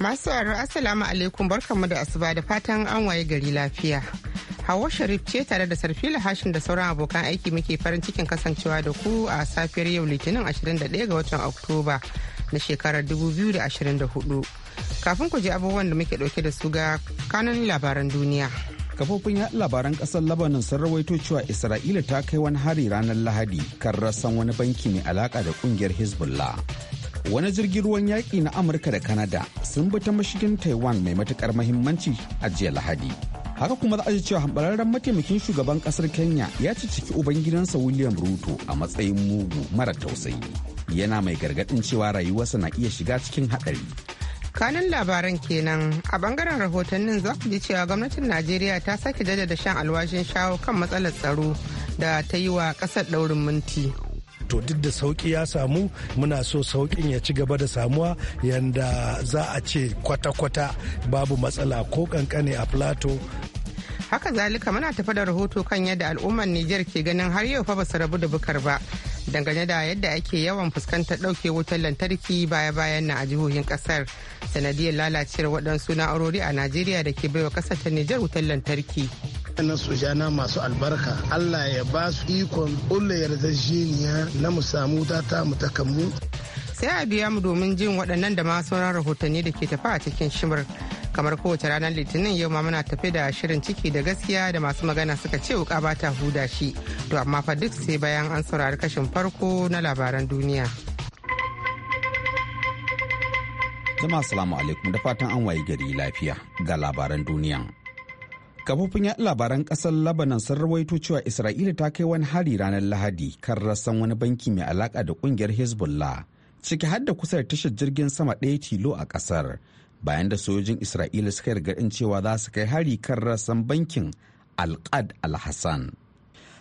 Masu sauraro Assalamu alaikum barkanmu da asuba da fatan an waye gari lafiya. Hawa Sharif ce tare da Sarfila Hashin da sauran abokan aiki muke farin cikin kasancewa da ku a safiyar yau Litinin 21 ga watan Oktoba na shekarar 2024. Kafin ku ji abubuwan da muke dauke da su ga kanun labaran duniya. Kafofin ya labaran ƙasar Lebanon sun rawaito cewa Isra'ila ta kai wani hari ranar Lahadi kan rassan wani banki mai alaka da ƙungiyar Hezbollah. wani jirgin ruwan yaƙi na amurka da kanada sun bi ta mashigin taiwan mai matukar mahimmanci a jiya lahadi haka kuma za a ji cewa hambararren mataimakin shugaban kasar kenya ya ci ciki ubangidansa william ruto a matsayin mugu mara tausayi yana mai gargadin cewa rayuwarsa na iya shiga cikin haɗari kanun labaran kenan a bangaren rahotannin za ku ji cewa gwamnatin najeriya ta sake jaddada shan alwashin shawo kan matsalar tsaro da ta yi wa kasar daurin minti to duk da sauki ya samu muna so saukin ya ci gaba da samuwa yanda za a ce kwata-kwata babu matsala ko kankane a plateau haka zalika muna tafa da rahoto kan yadda al'ummar Nijar ke ganin har yau fa basu rabu da bukar ba dangane da yadda ake yawan fuskantar ɗauke wutar lantarki baya-bayan na a jihohin ƙasar sanadiyar lalacewar waɗansu na'urori a Najeriya da ke baiwa ƙasar ta Nijar wutar lantarki. na jana masu albarka allah ya ba su ikon ƙulla yarjejeniya na mu samu ta ta mu sai a biya mu domin jin waɗannan da masu sauran rahotanni da ke tafa a cikin shimar kamar kowace ranar litinin yau ma muna tafi da shirin ciki da gaskiya da masu magana suka ce wuka ba ta huda shi to amma fa duk sai bayan an saurari kashin farko na labaran duniya jama'a salamu alaikum da fatan an waye gari lafiya ga labaran duniya kafofin yaɗa labaran ƙasar labanan sun rawaito cewa isra'ila ta kai wani hari ranar lahadi kan rassan wani banki mai alaƙa da ƙungiyar hezbollah ciki har da kusa da tashar jirgin sama ɗaya tilo a ƙasar bayan da sojojin isra'ila suka yarda cewa za su kai hari kan rassan bankin Alqad al-hassan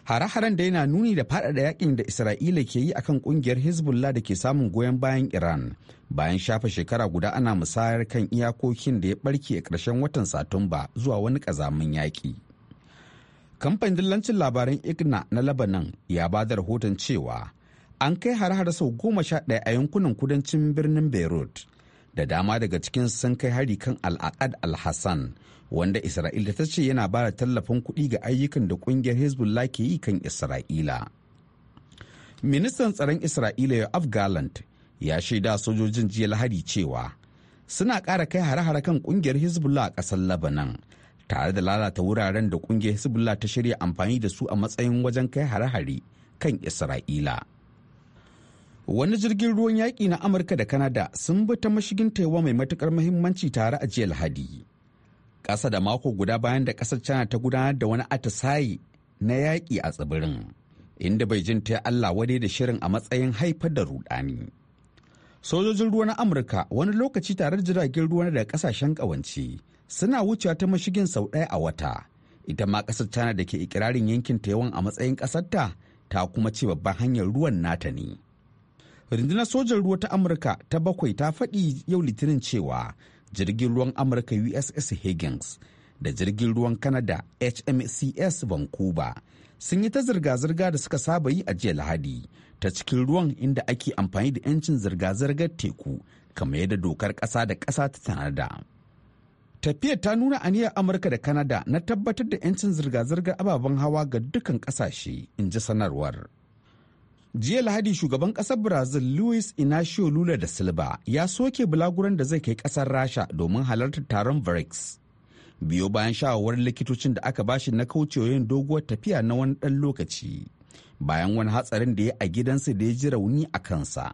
Hare-haren da yana nuni da faɗaɗa yakin da Isra'ila ke yi akan ƙungiyar Hezbollah da ke samun goyon bayan Iran bayan shafe shekara guda ana musayar kan iyakokin da ya ɓarke a ƙarshen watan Satumba zuwa wani ƙazamin yaƙi. Kamfanin dillancin labaran Igna na labanan ya ba da rahoton cewa an kai hare-hare sau goma sha ɗaya a yankunan kudancin birnin Beirut da dama daga cikin sun kai hari kan al'aqad al-hassan wanda isra'ila ta ce yana bada tallafin kuɗi ga ayyukan da ƙungiyar hezbollah ke yi kan isra'ila ministan tsaron isra'ila yoav gallant ya shaida sojojin jiya lahadi cewa suna ƙara kai hare-hare kan ƙungiyar hezbollah a ƙasar labanan tare da lalata wuraren da ƙungiyar hezbollah ta shirya amfani da su a matsayin wajen kai hare-hare kan isra'ila wani jirgin ruwan yaƙi na amurka da kanada sun bi ta mashigin taiwa mai matukar muhimmanci tare a jiya lahadi ƙasa da mako guda bayan da ƙasar china ta gudanar da wani atisaye na yaƙi a tsibirin inda beijing ta yi allah wadai da shirin a matsayin haifar da rudani sojojin ruwa na amurka wani lokaci tare da jiragen ruwa daga ƙasashen ƙawance suna wucewa ta mashigin sau ɗaya a wata ita ma ƙasar china da ke ikirarin yankin taiwan a matsayin ƙasarta ta kuma ce babban hanyar ruwan nata ne rundunar sojan ruwa ta amurka ta bakwai ta faɗi yau litinin cewa jirgin ruwan amurka uss higgins da jirgin ruwan canada hmcs vancouver sun yi ta zirga-zirga da suka saba yi a jiya lahadi ta cikin ruwan inda ake amfani da 'yancin zirga-zirgar teku kamar yadda dokar ƙasa da ƙasa ta tanada tafiyar ta nuna aniyar amurka da canada na tabbatar da 'yancin zirga-zirgar ababen hawa ga dukkan ƙasashe in ji sanarwar jiya lahadi shugaban kasar brazil luis inacio lula da silva ya soke bulaguran da zai kai kasar rasha domin halartar taron brics biyo bayan shawarwar likitocin da aka bashi na kaucewa yin doguwar tafiya na wani ɗan lokaci bayan wani hatsarin da ya a gidansa da ya ji rauni a kansa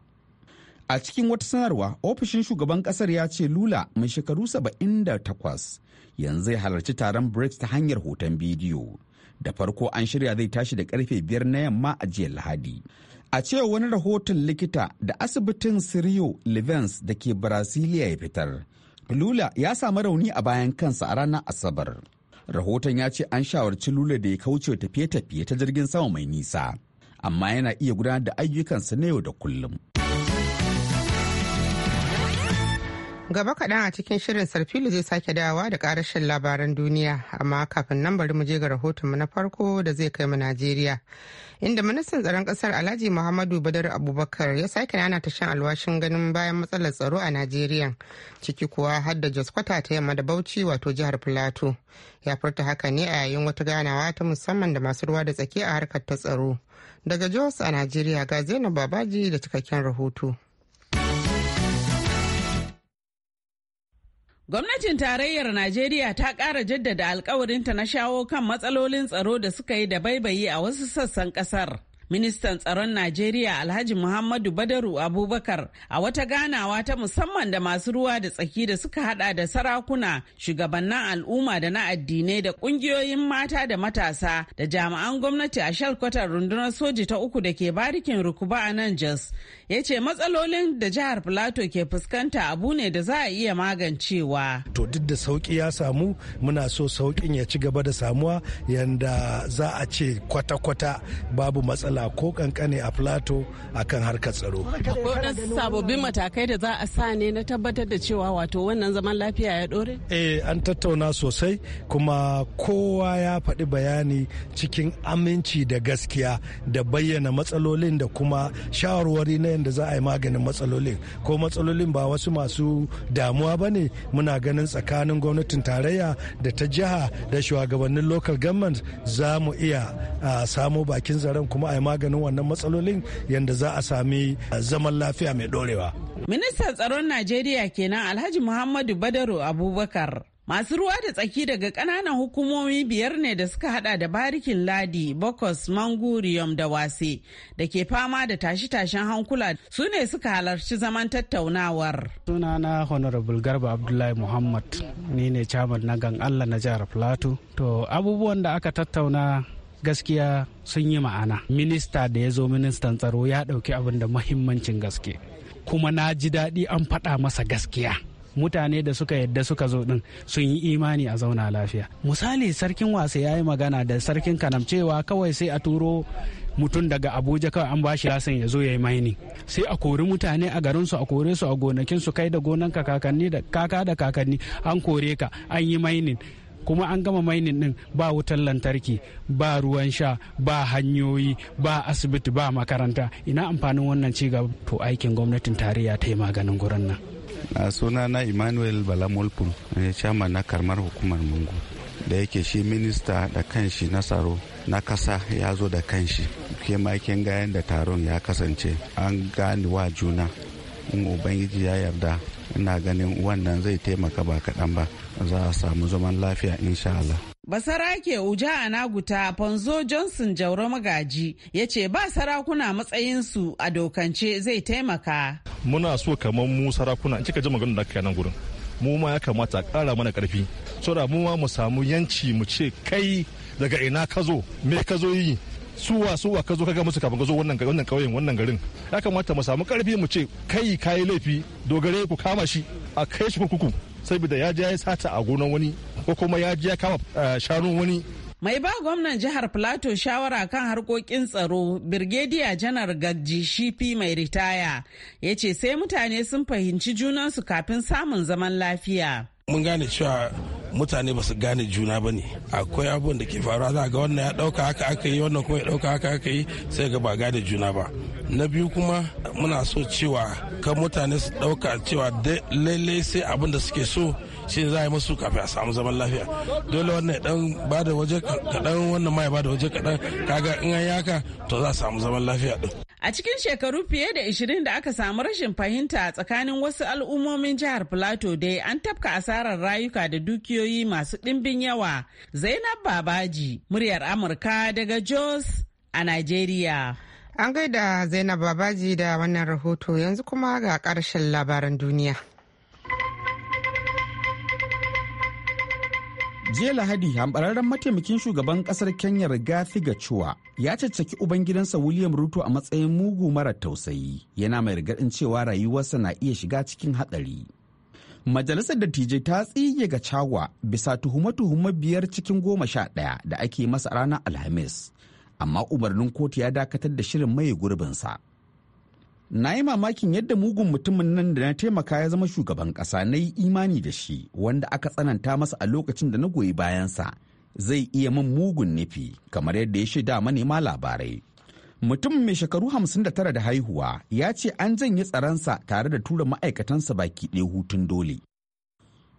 a cikin wata sanarwa ofishin shugaban kasar ya ce lula mai shekaru 78 yanzu ya halarci taron brics ta hanyar hoton bidiyo da farko an shirya zai tashi da karfe biyar na yamma a jiya lahadi a cewa wani rahoton likita da asibitin sirio livens da ke brasilia ya fitar lula ya samu rauni a bayan kansa a ranar asabar rahoton ya ce an shawarci lula da ya kauce tafiye-tafiye ta jirgin sama mai nisa amma yana iya gudanar da ayyukansa na yau da kullum Gaba kaɗan a cikin shirin sarfilu zai sake dawowa da ƙarashin labaran duniya, amma kafin nan bari mu je ga rahotonmu na farko da zai kai mu Najeriya. Inda ministan tsaron ƙasar Alhaji Muhammadu Badar Abubakar ya sake nana ta shan alwashin ganin bayan matsalar tsaro a Najeriya, ciki kuwa har da Kwata ta yamma da Bauchi wato jihar Filato. Ya furta haka ne a yayin wata ganawa ta musamman da masu ruwa da tsaki a harkar ta tsaro. Daga Jos a Najeriya ga Zainab Babaji da cikakken rahoto. Gwamnatin tarayyar Najeriya ta ƙara jaddada alkawarinta na shawo kan matsalolin tsaro da suka yi da baibayi a wasu sassan ƙasar. Ministan tsaron Najeriya Alhaji Muhammadu Badaru Abubakar a wata ganawa ta musamman da masu ruwa da tsaki da suka hada da sarakuna, shugabannin al'umma da na addinai da kungiyoyin mata da matasa da jami'an gwamnati a shalkwatar rundunar soji ta uku da ke barikin rukuba a nan Jos. Ya ce matsalolin da jihar Filato ke fuskanta abu ne da za a iya magancewa. To duk da sauki ya samu muna so saukin ya ci gaba da samuwa yanda za a ce kwata-kwata babu matsala matsala ko kankane a plato akan harkar tsaro. sababbin matakai da za a sa ne na tabbatar da cewa wato wannan zaman lafiya ya dore? eh an tattauna sosai kuma kowa ya faɗi bayani cikin aminci da gaskiya da bayyana matsalolin da kuma shawarwari na yadda za a yi maganin matsalolin ko matsalolin ba wasu masu damuwa ba ne muna ganin tsakanin gwamnatin tarayya da ta jiha da shugabannin local government za mu iya ah, samo bakin zaren kuma a yi maganin wannan matsalolin yadda za a sami eh, zaman lafiya mai dorewa. Ministan tsaron Najeriya kenan Alhaji Muhammadu badaro Abubakar. Masu ruwa da tsaki daga ƙananan hukumomi biyar ne da suka hada da barikin ladi, bokos, manguriyom da wase da ke fama da tashi-tashen hankula su ne suka halarci zaman tattaunawar. Sunana Honorable Garba Abdullahi Muhammad ni ne chairman na gan Allah na jihar Plateau. To abubuwan da aka tattauna gaskiya sun yi ma'ana minista da ya zo ministan tsaro ya ɗauki abin da mahimmancin gaske kuma na ji daɗi an faɗa masa gaskiya mutane da suka yadda suka zo din sun yi imani a zauna lafiya misali sarkin wasa ya yi magana da sarkin kanam cewa kawai sai a turo mutum daga abuja kawai an bashi lasin ya zo ya yi maini sai a kori mutane a garinsu a kore su a gonakinsu kai da gonanka kakanni da kaka da kakanni an kore ka an yi mainin kuma an gama mainin din ba wutar lantarki ba ruwan sha ba hanyoyi ba asibiti ba makaranta ina amfanin wannan ci gaba to aikin gwamnatin tarayya ta yi maganin gurin nan a suna na emmanuel balamolpul ne eh, chairman na karmar hukumar mungu da yake shi minista da kanshi na tsaro na kasa ya zo da kanshi ke makin gayan da taron ya kasance an gane wa juna in ubangiji ya yarda ina ganin wannan zai taimaka ba kaɗan ba za a samu zaman lafiya insha Allah. basarake uja naguta fanzo johnson jauro magaji ya ce ba sarakuna matsayinsu a dokance zai taimaka muna so kamar mu sarakuna kika ji maganar da aka nan gurin mu ma ya kamata kara mana karfi so da mu ma mu samu yanci mu ce kai daga ina ka zo me ka zo yi suwa suwa ka zo ka ga musu kafin ka zo wannan wannan kauyen wannan garin ya kamata mu samu karfi mu ce kai kayi laifi dogare ku kama shi a kai shi kurkuku saboda ya ya sata a gonan wani ko kuma ya ya kama eh, shanu wani mai ba gwamnan jihar plateau shawara kan harkokin tsaro birgediya janar Gaji shifi mai ritaya ya ce sai mutane sun fahimci junansu kafin samun zaman lafiya mun gane cewa mutane ba su gane juna ba ne akwai abubuwan da ke faruwa za ga wannan ya dauka haka aka yi wannan kuma ya dauka haka aka yi sai ga ba gane juna ba na biyu kuma muna so cewa kan mutane su dauka cewa lallai sai abin da suke so shi za a yi masu kafin a samu zaman lafiya dole wannan dan ba da waje kaɗan wannan ma ya ba da waje kaɗan kaga in an yaka to za a samu zaman lafiya din. A cikin shekaru fiye da 20 da aka samu rashin fahimta tsakanin wasu al'ummomin jihar Plateau dai an tafka asarar rayuka da dukiyoyi masu ɗimbin yawa. Zainab Babaji, muryar Amurka daga Jos a Najeriya. An gaida Zainab Babaji da wannan rahoto yanzu kuma ga ƙarshen labaran duniya. jiya lahadi hambararren mataimakin shugaban kasar kenya rigathi gachua ya caccaki ubangidansa william ruto a matsayin mugu mara tausayi yana mai rigadin cewa rayuwarsa na iya shiga cikin hatsari majalisar dattijai ta tsige ga cawa bisa tuhume-tuhume biyar cikin goma sha ɗaya da ake masa ranar alhamis amma umarnin kotu ya dakatar da shirin maye gurbinsa. na yi mamakin yadda mugun mutumin nan da na taimaka ya zama shugaban ƙasa na yi imani da shi wanda aka tsananta masa a lokacin da na goyi bayansa zai iya min mugun nufi kamar yadda ya shaida manema labarai mutum mai shekaru hamsin da tara da haihuwa ya ce an janye tsaransa tare da tura ma'aikatansa baki ɗaya hutun dole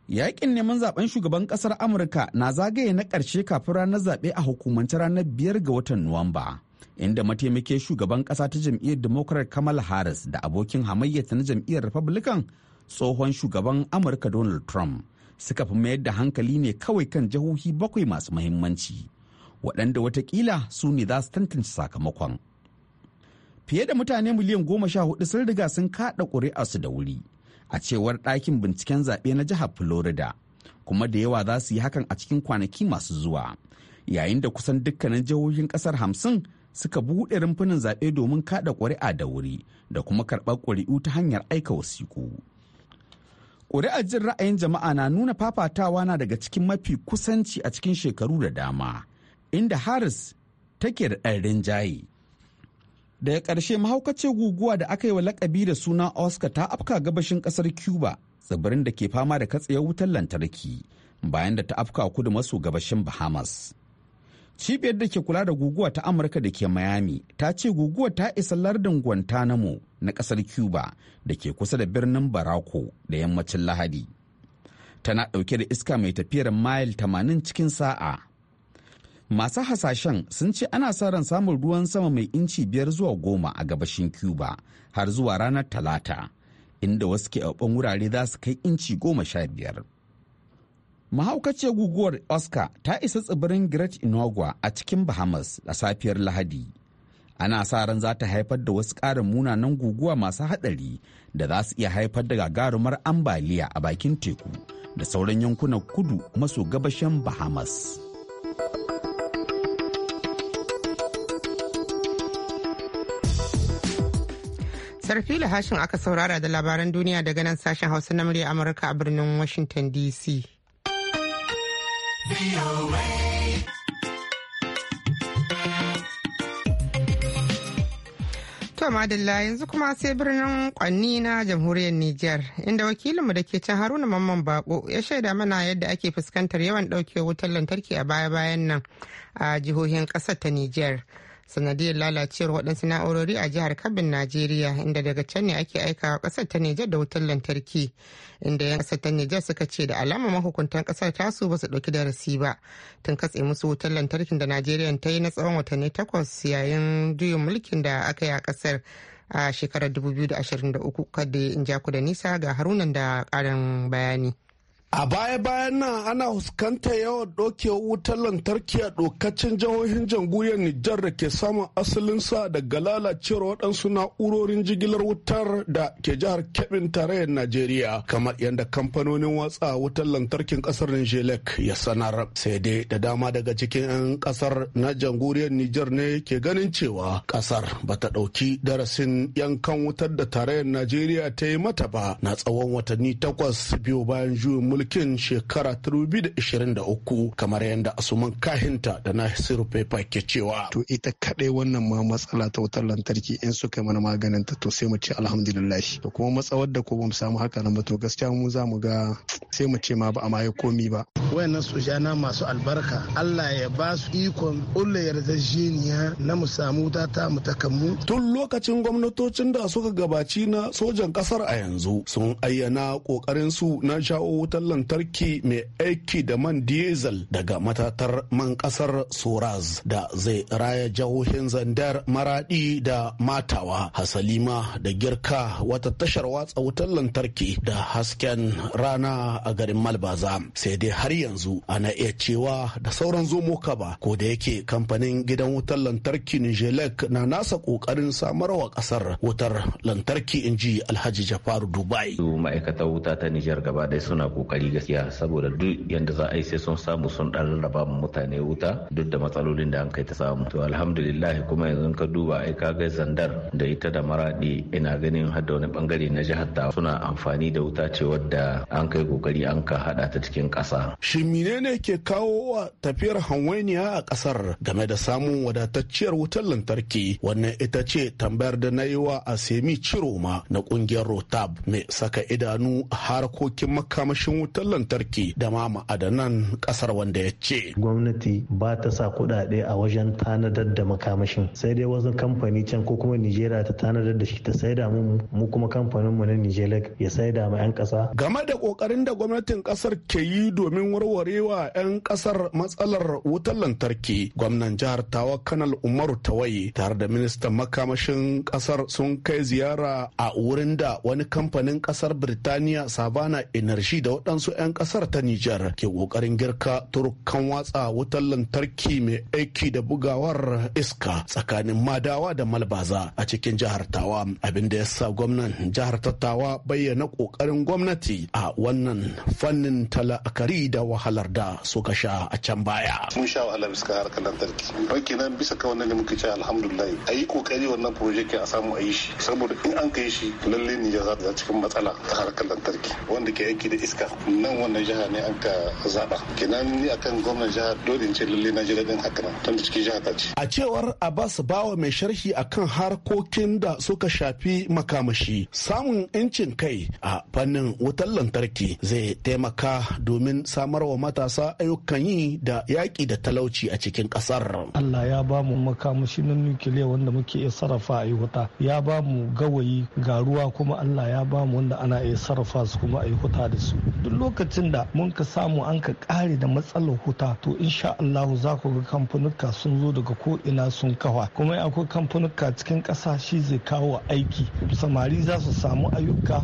Yaƙin neman zaben shugaban ƙasar amurka na zagaye na ƙarshe kafin ranar zaɓe a hukumance ranar biyar ga watan nuwamba inda mataimake shugaban kasa ta jam'iyyar democrat kamala harris da abokin hamayyata na jam'iyyar republican tsohon shugaban amurka donald trump suka fi mayar da hankali ne kawai kan jihohi bakwai masu mahimmanci waɗanda watakila su ne za su tantance sakamakon fiye da mutane miliyan goma sha hudu sun riga sun kaɗa su da wuri a cewar ɗakin binciken zaɓe na jihar florida kuma da yawa za su yi hakan a cikin kwanaki masu zuwa yayin da kusan dukkanin jihohin ƙasar hamsin suka buɗe rumfunan zaɓe domin kaɗa ƙuri'a da wuri da kuma karɓar ƙuri'u ta hanyar aika wasiƙu Ƙuri'ar jin ra'ayin jama'a na nuna fafatawa na daga cikin mafi kusanci a cikin shekaru da dama, inda Harris take da ɗan rinjaye. Daga ƙarshe mahaukacin guguwa da aka yi wa lakabi da suna Oscar ta afka gabashin ƙasar Cuba, tsibirin da ke fama da katsewar wutar lantarki, bayan da ta afka kudu maso gabashin Bahamas. cibiyar da ke kula da guguwa ta amurka da ke miami ta ce guguwa ta isa lardin guantanamo na kasar cuba da ke kusa da birnin barako da yammacin lahadi tana ɗauke da iska mai tafiyar mayil 80 cikin sa'a masu hasashen sun ce ana sa ran samun ruwan sama mai inci biyar zuwa goma a gabashin cuba har zuwa ranar talata inda wasu ke wurare za su kai inci goma sha biyar mahaukaciyar guguwar oscar ta isa tsibirin great inagua a cikin bahamas a safiyar lahadi ana sa ran za ta haifar da wasu ƙarin munanan guguwa masu haɗari da za su iya haifar da gagarumar ambaliya a bakin teku da sauran yankunan kudu maso gabashin bahamas sarfi hashin aka saurara da labaran duniya daga nan sashen hausa na murya amurka a birnin washington dc To madalla yanzu kuma sai birnin kwanni na jamhuriyar Nijar inda wakilinmu da ke can Haruna Mamman Bako ya shaida mana yadda ake fuskantar yawan ɗauke wutar lantarki a baya-bayan nan a jihohin ƙasar ta Nijar. sanadiyar lalacewar waɗansu na'urori a jihar kabin najeriya inda daga can ne ake aikawa ƙasar ta nijar da wutar lantarki inda yan ƙasar ta nijar suka ce da alama mahukuntan ƙasar tasu ba su ɗauki darasi ba tun katse musu wutar lantarkin da najeriya ta yi na tsawon watanni takwas yayin juyin mulkin da aka yi a ƙasar a shekarar 2023 kada in ja ku da nisa ga haruna da ƙarin bayani. A baya-bayan nan ana fuskantar yawan ɗokewar wutar lantarki a ɗokacin jihohin jamhuriyar Nijar da ke samun asalinsa daga lalacewar waɗansu na'urorin jigilar wutar da ke jihar Kebbin tarayyar Najeriya, kamar yadda kamfanonin watsa wutar lantarkin ƙasar Nijelek ya sanar. Sai dai da dama daga cikin 'yan ƙasar na jamhuriyar Nijar ne ke ganin cewa ƙasar ba ta ɗauki darasin yankan wutar da tarayyar Najeriya ta yi mata ba na tsawon watanni takwas biyu bayan juyin mulki bikin shekara 2023 kamar yadda asuman kahinta da nasiru pepa ke cewa to ita kadai wannan ma matsala ta wutar lantarki in suka mana maganin ta to sai mu ce alhamdulillah to kuma matsawar da ko bamu samu haka nan ba to gaskiya mu za mu ga sai mu ce ma ba a ma komi ba wayannan sojana masu albarka Allah ya ba su ikon ulla jiniya. na mu samu wuta ta mu takammu tun lokacin gwamnatocin da suka gabaci na sojan kasar a yanzu sun ayyana kokarin su na shawo wutar lantarki mai aiki da man diesel daga matatar man kasar Soraz da zai raya jihohin Zandar Maradi da Matawa Hasalima da Girka wata tashar watsa wutar lantarki da hasken rana a garin Malbaza sai dai har yanzu ana iya cewa da sauran zomo kaba ko da yake kamfanin gidan wutar lantarki Nijelek na nasa kokarin samarwa kasar wutar lantarki inji Alhaji Jafaru Dubai. Ma'aikatan wuta ta Nijar gaba suna kokarin kokari gaskiya saboda duk yanda za a yi sai sun samu sun dan rarraba mutane wuta duk da matsalolin da an kai ta samu to alhamdulillah kuma yanzu ka duba ai ka ga zandar da ita da maradi ina ganin har da wani bangare na jihar ta suna amfani da wuta ce wadda an kai kokari an ka hada ta cikin ƙasa. shi menene ke kawo wa tafiyar hanwainiya a kasar game da samun wadatacciyar wutar lantarki wannan ita ce tambayar da na yi wa a semi ciroma na kungiyar rotab mai saka idanu harkokin makamashin wutar lantarki da ma ma'adanan kasar wanda ya ce. Gwamnati ba ta sa kuɗaɗe a wajen tanadar da makamashin sai dai wasu kamfani can ko kuma nigeria ta tanadar da shi ta sai da mu kuma kamfanin mu na Nijeriya ya sai da ma 'yan ƙasa. Game da ƙoƙarin da gwamnatin ƙasar ke yi domin warwarewa 'yan ƙasar matsalar wutar lantarki gwamnan jihar Tawa Kanal Umaru Tawaye tare da ministan makamashin ƙasar sun kai ziyara a wurin da wani kamfanin ƙasar Birtaniya Savannah Energy da waɗansu waɗansu 'yan ƙasar ta Nijar ke ƙoƙarin girka turkan watsa wutar lantarki mai aiki da bugawar iska tsakanin Madawa da Malbaza a cikin jihar Tawa abin da ya sa gwamnan jihar tawa bayyana ƙoƙarin gwamnati a wannan fannin tala'akari da wahalar da suka sha a can baya. Mun sha wahalar harkar lantarki. Baki bisa ka wannan da ce alhamdulillah a yi ƙoƙari wannan project a samu a yi shi saboda in an kai shi lalle Nijar za ta cikin matsala ta harkar lantarki wanda ke aiki da iska nan wannan jiha ne an ka zaɓa kenan ni akan gwamnan jiha dole ce lalle na ji daɗin haka tun cikin jiha ta ce. a cewar abbas bawa mai sharhi akan harkokin da suka shafi makamashi samun incin kai a fannin wutar lantarki zai taimaka domin samar wa matasa ayyukan yi da yaƙi da talauci a cikin ƙasar. allah ya ba mu makamashi na nukiliya wanda muke iya sarrafa a wuta ya ba mu gawayi ga ruwa kuma allah ya ba mu wanda ana iya sarrafa su kuma a yi wuta da su lokacin da mun ka samu an ka kare da matsalar huta to insha Allah za ku ga kamfanuka sun zo daga ko ina sun kawa kuma akwai kamfanuka cikin ƙasa shi zai kawo aiki samari za su samu ayyuka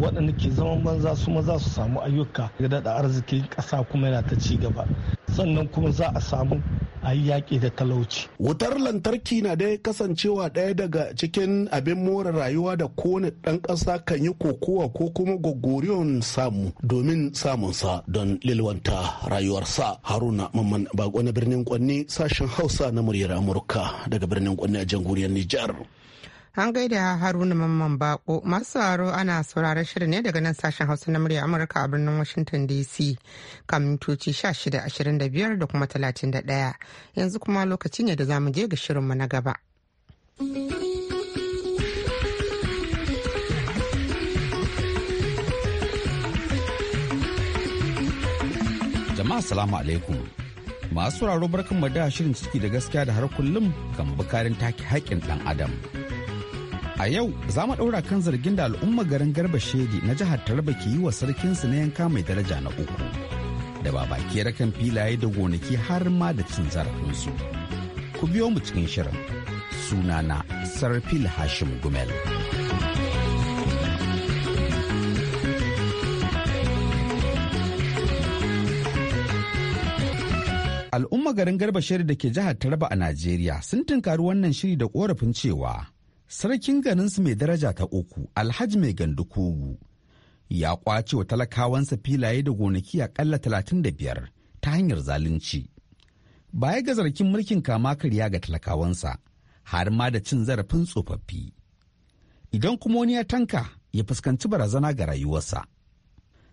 waɗanda ke zaman banza su ma za su samu ayyuka ga daɗa arzikin ƙasa kuma yana ta ci gaba sannan kuma za a samu a yi yaƙi da talauci. Wutar lantarki na dai kasancewa ɗaya daga cikin abin more rayuwa da kowane ɗan ƙasa kan yi kokowa ko kuma gogoriyon samu domin sa don lilwanta rayuwarsa. Haruna Mamman Bago na birnin Kwanne sashen Hausa na muryar Amurka daga birnin Kwanne a jamhuriyar Nijar. An gaida Haruna Mamman Bako masu sauraro ana sauraron shirin ne daga nan sashen Hausa na murya Amurka a birnin Washington DC kan mintoci 1625 da kuma 31 yanzu kuma lokaci ne da zamu je ga shirinmu na gaba. Jama'a salamu alaikum. Masu sauraro barkan da shirin ciki da gaskiya da har kullum kan bukarin take haƙƙin ɗan Adam. A yau za mu ɗaura kan zargin da al'umma garin Garba Shedi na jihar Taraba ke yi wa sarkin su na yanka mai daraja na uku. Da ba baki rakan filaye da gonaki har ma da cin zarafinsu. Ku biyo mu cikin shirin. Suna na Sarfil Hashim Gumel. Al'umma garin Garba Shedi da ke jihar Taraba a Najeriya sun tunkari wannan shiri da korafin cewa sarkin ganin su mai daraja ta uku alhaji mai gandu kogu ya kwace wa talakawansa filaye da gonaki talatin a da biyar ta hanyar zalunci baya ga zarkin mulkin kama karya ga talakawansa har ma da cin zarafin tsofaffi idan kuma wani ya tanka ya fuskanci barazana ga rayuwarsa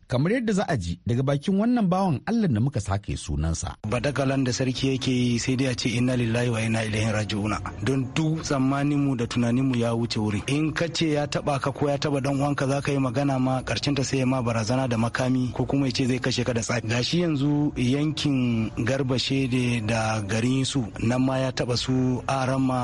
kamar yadda za a ji daga bakin wannan bawan Allah da muka sake sunansa. Badagalan da sarki yake yi sai dai a ce inna lillahi wa inna ilaihi raji'una don duk tsammanin mu da tunanin mu ya wuce wuri. In ka ce ya taba ka ko ya taba dan uwanka za ka yi magana ma karshen ta sai ma barazana da makami ko kuma ya ce zai kashe ka da tsafi. Gashi yanzu yankin garbashe da garin su nan ma ya taba su arama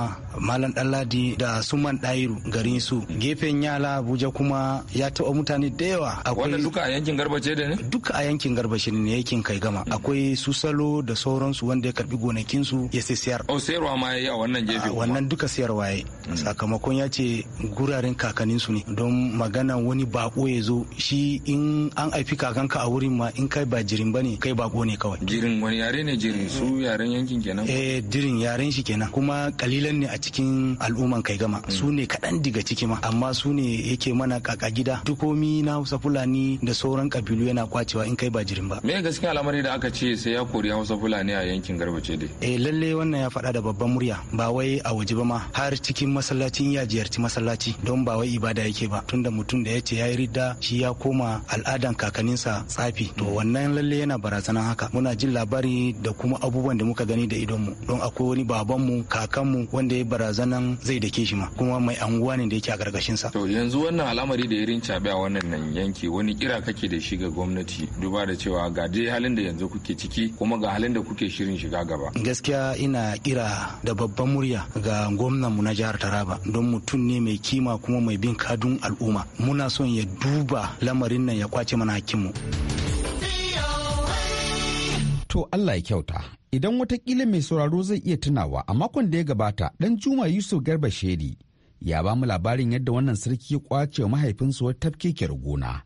malam ɗanladi da suman ɗayiru garin su gefen yala abuja kuma ya taba mutane da yawa Wanda duka yankin yankin garbace da ne duka a yankin garbace ne yankin kai gama mhm. akwai su salo da sauransu wanda ya karbi gonakin su ya sai siyar o oh, sayarwa ma yayi a wannan gefe wannan duka siyarwa yayi mhm. sakamakon ya ce guraren kakannin su ne don magana wani bako ya zo shi in an aifi kakanka a wurin ma in kai ba jirin bane kai bako ne kawai jirin wani yare ne jirin su eh. yaren yankin kenan eh jirin yaren shi kenan kuma kalilan ne a cikin al'umman kai gama mhm. su ne kaɗan diga ciki ma amma su ne yake mana kaka gida dukomi na hausa fulani da sauran sauran kabilu yana kwacewa in kai ba jirin ba me gaskiya al'amari da aka ce sai ya kori hausa fulani a yankin garbace dai eh lalle wannan ya faɗa da babban murya ba wai a waje ba ma har cikin masallacin ya ziyarci masallaci don ba wai ibada yake ba tunda mutum da ya ce ya yi ridda shi ya koma al'adan kakanninsa tsafi to wannan lalle yana barazanan haka muna jin labari da kuma abubuwan da muka gani da idonmu don akwai wani babanmu kakanmu wanda ya barazanan zai dake shi ma kuma mai anguwa ne da yake a gargashinsa to yanzu wannan al'amari da irin cabe a wannan yanki wani kira kake da da shi ga gwamnati duba da cewa ga dai halin da yanzu kuke ciki kuma ga halin da kuke shirin shiga gaba gaskiya ina kira da babban murya ga gwamnan mu na jihar taraba don mutum ne mai kima kuma mai bin kadun al'umma muna son ya duba lamarin nan ya kwace mana hakinmu to allah ya kyauta idan watakila mai sauraro zai iya tunawa a makon da ya gabata dan juma yusuf garba shedi ya ba mu labarin yadda wannan sarki ya kwace mahaifinsu wata tafkekiyar gona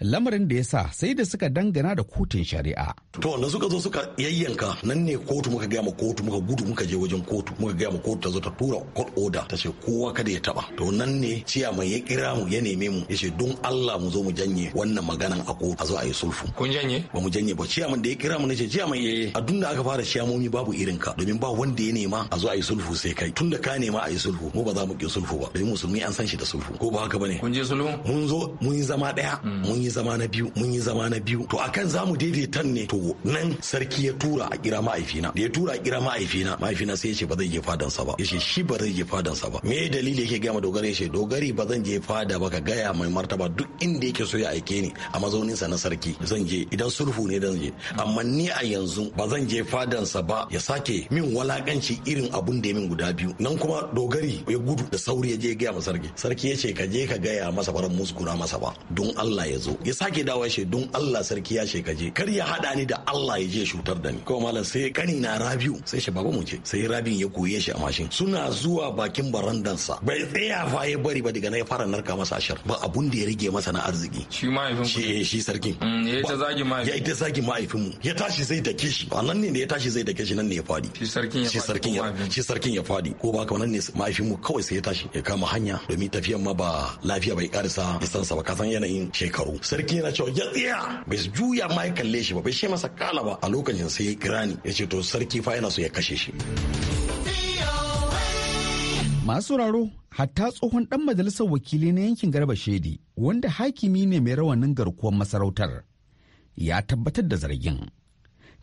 lamarin da ya sa sai da suka dangana da kotun shari'a. To na suka zo suka yayyanka nan ne kotu muka gaya ma kotu muka gudu muka je wajen kotu muka gaya ma kotu ta zo ta tura court order ta ce kowa kada ya taba. To nan ne ciya mai ya kira mu ya neme mu ya ce don Allah mu zo mu janye wannan maganan a kotu a zo a yi sulfu. Kun janye? Ba mu janye ba ciya da ya kira mu ne ce ciya mai eh, eh, a dun da aka fara ciyamomi babu irin ka domin ba wanda ya nema a zo a yi sulfu sai kai tun ka nema a yi sulfu mu ba za mu ki sulfu ba domin musulmi an san shi da sulfu ko ba haka bane. Kun je sulfu? Mun zo mun yi zama daya mm. mun yi zama na biyu mun yi zama na biyu to akan zamu daidaita ne to nan sarki ya tura a kira ma'aifina da ya tura a kira ma'aifina ma'aifina sai ya ce ba zai je fadansa ba ya shi ba zai je fadansa ba me dalili yake gaya ma dogara ya dogari ba zan je fada ba ka gaya mai martaba duk inda yake so ya aike ni a mazaunin sa na sarki zan je idan sulhu ne zan je amma ni a yanzu ba zan je fadansa ba ya sake min walakanci irin abun da ya min guda biyu nan kuma dogari ya gudu da sauri ya je ya gaya ma sarki sarki ya ce ka je ka gaya masa baran musguna masa ba don Allah ya zo ya sake dawa shi don Allah sarki ya shekaje kar ya hada ni da Allah ya je shutar da ni K'o malam sai kani na Rabiu sai shi baba mu ce sai Rabiu ya koye shi a mashin suna zuwa bakin barandansa bai tsaya fa ya bari ba daga na ya fara narka masa ashar ba abun da ya rige masa na arziki shi mahaifin shi shi sarki mm, ya ta zagi mahaifin ya ta zagi mahaifin mu ya tashi zai dake shi a nan ne da ya tashi zai dake shi nan ne ya fadi shi sarkin ya shi sarkin ya shi sarkin ya fadi ko ba ka nan ne mahaifin mu kawai sai ya tashi ya kama hanya domin tafiyan ma ba lafiya bai karisa sa ba ka san yanayin shekaru sarki yana cewa ya tsaya bai juya ma ya kalle shi ba bai shi masa kala ba a lokacin sai ya ya ce to sarki fa yana so ya kashe shi masu sauraro hatta tsohon dan majalisar wakili na yankin garba shedi wanda hakimi ne mai rawanin garkuwar masarautar ya tabbatar da zargin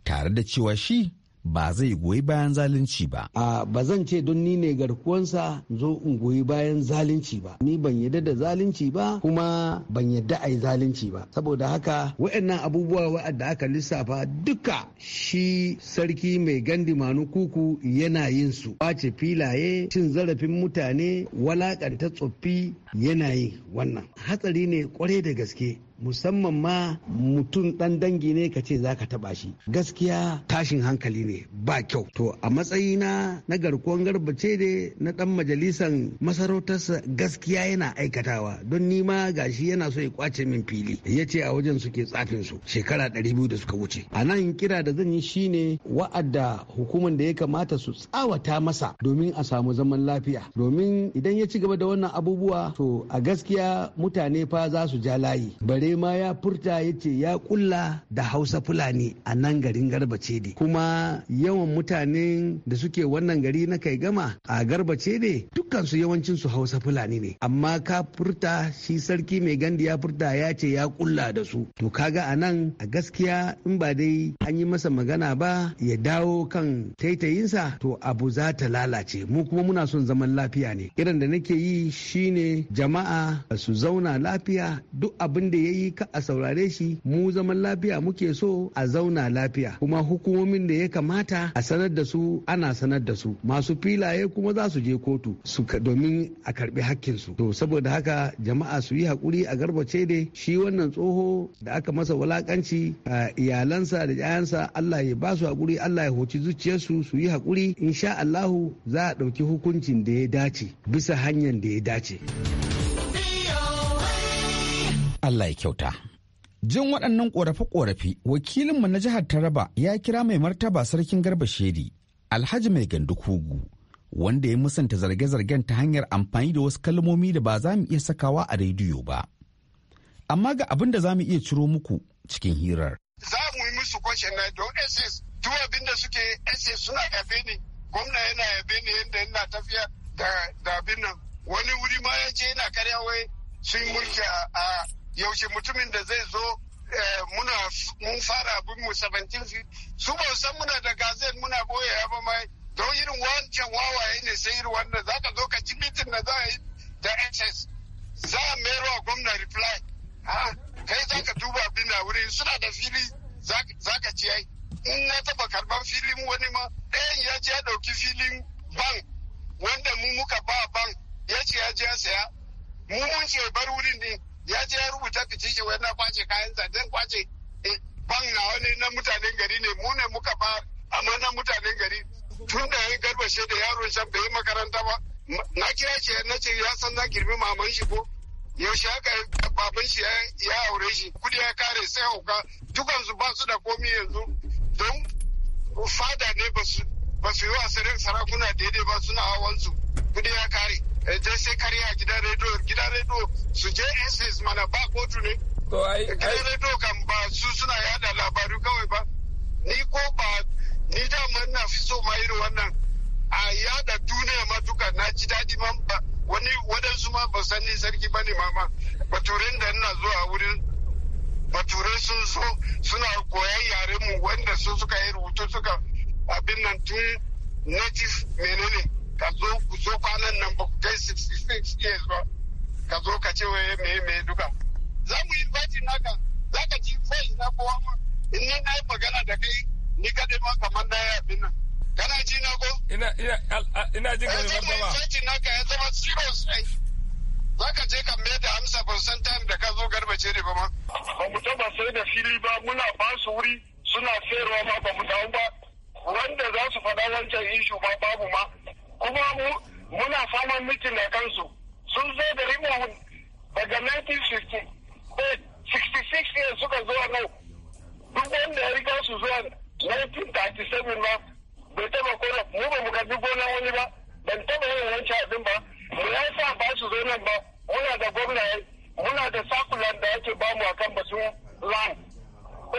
tare da cewa shi ba zai goyi bayan zalunci ba. A ba zan ce don ni ne garkuwansa zo in goyi bayan zalunci ba. Ni ban yadda da zalunci ba kuma ban yadda a yi zalunci ba. Saboda haka wa'annan abubuwa waɗanda aka lissafa duka shi sarki mai gandi manu kuku yana yin su. Wace filaye cin zarafin mutane walakanta tsoffi yana yi wannan. Hatsari ne kwarai da gaske. musamman ma mutum ɗan dangi ne ka ce za ka taɓa shi gaskiya tashin hankali ne ba kyau to a matsayina na garkuwan garbace ne na ɗan majalisan masarautarsa gaskiya yana aikatawa don nima ma gashi yana so ya kwace min fili ya ce a wajen suke tsafin su shekara ɗari biyu da suka wuce a nan kira da zan yi shine wa'adda hukumar da ya kamata su tsawata masa domin a samu zaman lafiya domin idan ya ci gaba da wannan abubuwa to a gaskiya mutane fa za su ja layi bare ne ma ya furta ya ce ya kulla da hausa fulani a nan garin garbace ne kuma yawan mutanen da suke wannan gari na kai gama a garbace ne dukkansu yawancin su hausa fulani ne amma ka furta shi sarki mai gandi ya furta ya ce ya kulla da su to kaga a nan a gaskiya in ba dai an yi masa magana ba ya dawo kan taitayinsa to abu za ta lalace mu kuma muna son zaman lafiya ne irin da nake yi shine jama'a su zauna lafiya duk abin da yayi ka a saurare shi mu zaman lafiya muke so a zauna lafiya kuma hukumomin da ya kamata a sanar da su ana sanar da su masu filaye kuma za su je kotu su domin a karbi hakkin su to saboda haka jama'a su yi hakuri a garbace da shi wannan tsoho da aka masa wulakanci iyalansa da 'ya'yansa Allah ya ba su hakuri Allah ya hoci zuciyarsu su yi hakuri insha Allahu za a ɗauki hukuncin da ya dace bisa hanyar da ya dace. Allah ya kyauta. Jin waɗannan ƙorafe-ƙorafe wakilinmu na jihar Taraba ya kira mai martaba sarkin Garba Shedi, Alhaji Mai Gandu Kugu, wanda ya musanta zarge-zargen ta hanyar amfani da wasu kalmomi da ba za mu iya sakawa a rediyo ba. Amma ga abin da za mu iya ciro muku cikin hirar. Za mu yi musu kwashen na don SS, duk abin da suke SS suna yabe ni, gwamna yana yabe ni yana tafiya da abin nan. Wani wuri ma ya je yana karya sun mulki a yaushe mutumin da zai zo eh, muna mun fara abin mu 17 su ba san muna da gazet muna boye ba mai don irin wancan wawaye ne sai irin wanda za ka zo ka ci mitin na za da ss za a mero a gwamna reply kai za ka duba abin na wurin suna da fili za ka ci ai in na taba karban filin wani ma ɗayan ya je ya ɗauki filin bank wanda mu muka ba ban ya ce ya je ya saya mu mun ce bar wurin din ya je ya rubuta petition wai na kwace kayan sa dan kwace eh, ban na wani na mutanen gari ne mu ne muka ba amma na mutanen gari tun da ya garbashe da yaron shan bai makaranta ba na kira shi na ce ya san na girbi maman shi ko yaushe haka baban shi ya aure shi kudi ya kare sai hauka dukansu ba su da komi yanzu don fada ne ba su yi wa sarakuna daidai ba suna su kudi ya kare Eh, je sai karya gidan rediyo gidan rediyo su je ss mana ba kotu ne eh, gidan rediyo kan ba su suna yada labaru kawai ba ni ko ba ni da na fi so ma irin wannan a yada duniya ma duka na ji daɗi ma ba wani waɗansu ma ba san ni sarki ba ne mama baturen da ina zuwa wurin baturai sun so suna koyan yaren mu wanda su suka yi rubutu suka abin nan tun native menene ka zo ku zo kwanan nan ba ku kai 66 years ba ka zo ka ce waye me me duka za mu yi inviting naka za ka ji voice na kowa ma in ni na yi magana da kai ni kaɗai ma kamar na yi abin nan kana ji na ko ina ina ina ji kamar ba ba inviting naka ya zama serious ai eh. za ka je ka mai da amsa percent time da ka zo garbace ne ba ma ba mu taba sai da fili ba muna ba su wuri suna sayarwa ma ba mu dawo ba wanda za su faɗa wancan ishu ba babu ma kuma mu muna samun mitin da kansu sun zo da rimu daga 1950 ko 66 years suka zuwa nau duk wanda ya riga su zuwa 1937 ma bai taba kora mu ba mu duk gona wani ba ban taba yin wancan abin ba mu ya sa ba su zo nan ba muna da gwamna muna da sakulan da yake ba mu akan batun lan.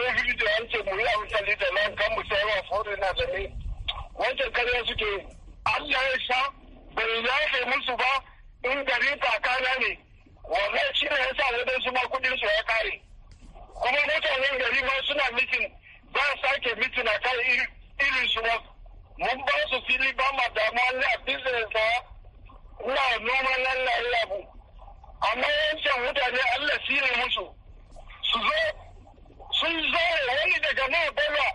every day an ce mu yi amfani da lan kan mu sayarwa foreigner da ne wancan karya suke yi Allah ya sha bai yafe musu ba in gari kakana ne wannan shi ne ya sa waɗansu ma kuɗin su ya kare kuma mutanen gari ma suna mitin ba a sake mitin a kan irin su ba mun ba su fili ba ma damuwa ne a business na na noman lallaye abu amma yancan mutane Allah shi ne musu su zo sun zo wani daga nan bala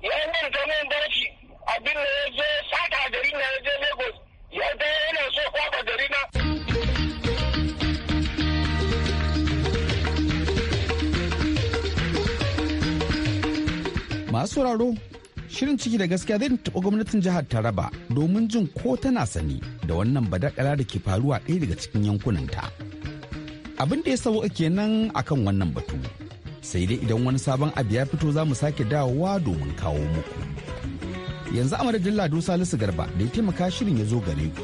ya manta nan barki abin da ya je sata gari na ya je lagos ya je yana so kwaba gari masu sauraro shirin ciki da gaskiya zai taɓa gwamnatin jihar taraba domin jin ko tana sani da wannan badakala da ke faruwa ɗaya daga cikin yankunanta abin da ya sauka kenan akan wannan batu sai dai idan wani sabon abu ya fito za mu sake dawowa domin kawo muku yanzu amadadin madadin lado salisu garba da ya taimaka shirin ya zo gare ku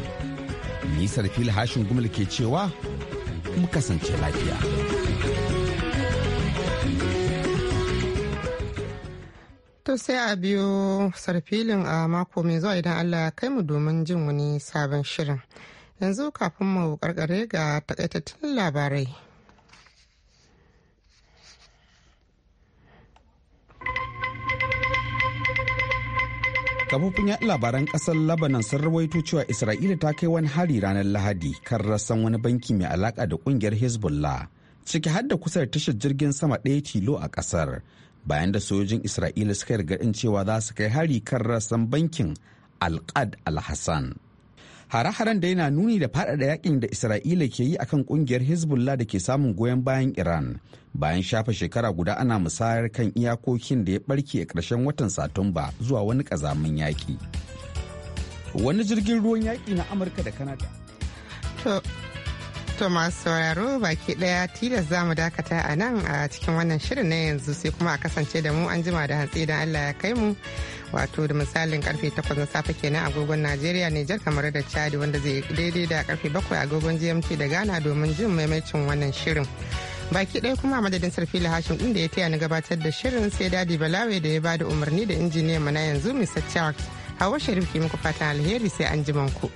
nisar fili hashin gumul ke cewa mu kasance lafiya to sai a biyo sarfilin a mako mai zuwa idan allah kai mu domin jin wani sabon shirin yanzu kafin mu karkare ga takaitattun labarai kafofin ya labaran kasar labanan sun rawaito cewa isra'ila ta kai wani hari ranar lahadi kan rassan wani banki mai alaƙa da ƙungiyar hezbollah ciki har da kusa da tashar jirgin sama ɗaya tilo a kasar bayan da sojojin isra'ila suka yarda cewa za su kai hari kan rassan bankin Alqad al-hassan hare-haren da yana nuni da faɗaɗa yakin da isra'ila ke yi akan kungiyar hezbollah da ke samun goyon bayan iran bayan shafa shekara guda ana musayar kan iyakokin da ya barke a ƙarshen watan satumba zuwa wani ƙazamin yaƙi wani jirgin ruwan yaƙi na amurka da kanada to masu sauraro baki daya tilas za mu dakata a nan a cikin wannan shirin na yanzu sai kuma a kasance da mu an jima da hantsi idan allah ya kai mu wato da misalin karfe 8 na safe kenan agogon najeriya nijar kamar da chadi wanda zai daidai da karfe 7 agogon gmt da ghana domin jin maimacin wannan shirin baki ɗaya kuma a madadin sarfila hashim ɗin da ya taya na gabatar da shirin sai dadi balawe da ya bada umarni da injiniyan mana yanzu mr charles hawa sharif ke muku fatan alheri sai an ku.